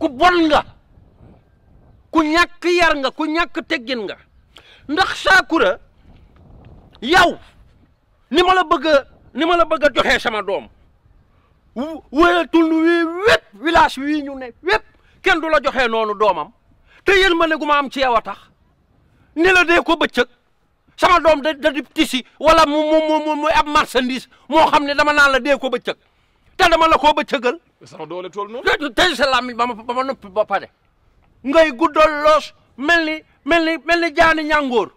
ku bon nga ku ñàkk yar nga ku ñàkk teggin nga ndax Saakura yow ni ma la bëgg ni ma la bëgg a joxee sama doom wala tund wii wépp village wii ñu ne wépp kenn du la joxee noonu doomam te yéen ma ne gu ma am ci yow a tax ne la dee ko bëccëg sama doom da da tisi wala mu mu mu mu ab moo xam ne dama naan la dee ko bëccëg te dama la koo ba cëgal. sama doole tool noonu. tey sa làmmiñ ba ma ba ma ba pare. ngay guddal loos mel ni mel ni mel ni jaani ñàngoor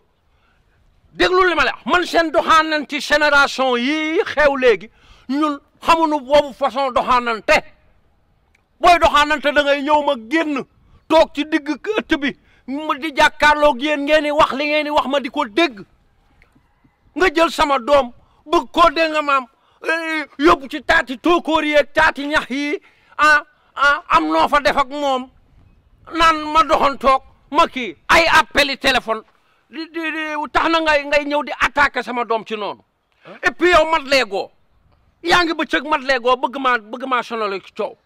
déglu li ma la man seen doxaanante génération yii xew léegi ñun xamuñu boobu façon doxaanante booy doxaanante da ngay ñëw ma génn toog ci digg ëtt bi ma di jàkkaarloog yéen ngeen di wax li ngeen di wax ma di ko dégg nga jël sama doom bëgg koo dégg maam. yóbbu ci taati tóokóor yeeg taati ñax yi a ah am noo fa def ak moom naan ma doxantoog ma kii ay appeli téléphone di di tax na ngay ngay ñëw di attaqué sama doom ci noonu eh? et yow mat leegoo yaa ngi bëccëg mat leegoo bëgg maa bëgg maa sonal ci coow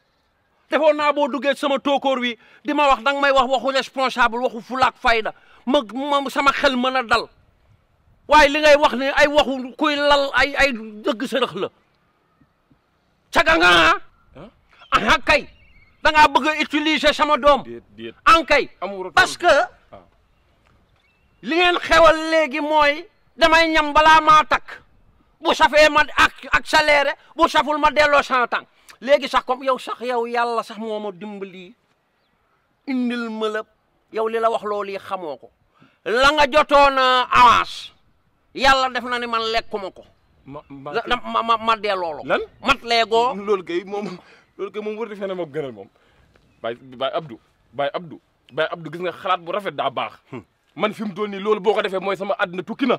defoon naa boo duggee sama tóokóor wi di ma wax danga may wax waxu responsable waxu fulaak fayda ma sama xel mën a dal waaye li ngay wax ni ay waxu kuy lal ay ay dëgg sërëx caga nga ah? aha kay da ngaa bëgg a utiliser sama doom an kay parce que ah. li ngeen xewal léegi mooy damay ñam balaa maa takk bu safee ma ak accéléré bu saful ma delloo sans temps léegi sax comme yow sax yow yàlla sax moo dimbali indil ma la yow li la wax loolu yi xamoo ko la yàlla def na ni man lekkuma ko. ma ma ma ma delloo loolo lan mat leegoo. loolu kay moom lool kay moom wër di fene moom gënal moom. Baye Baye Abdou Baye Abdou Baye Abdou gis nga xalaat bu rafet daa baax. Hmm. man fi mu toll nii loolu boo ko defee mooy sama àdduna tukki na.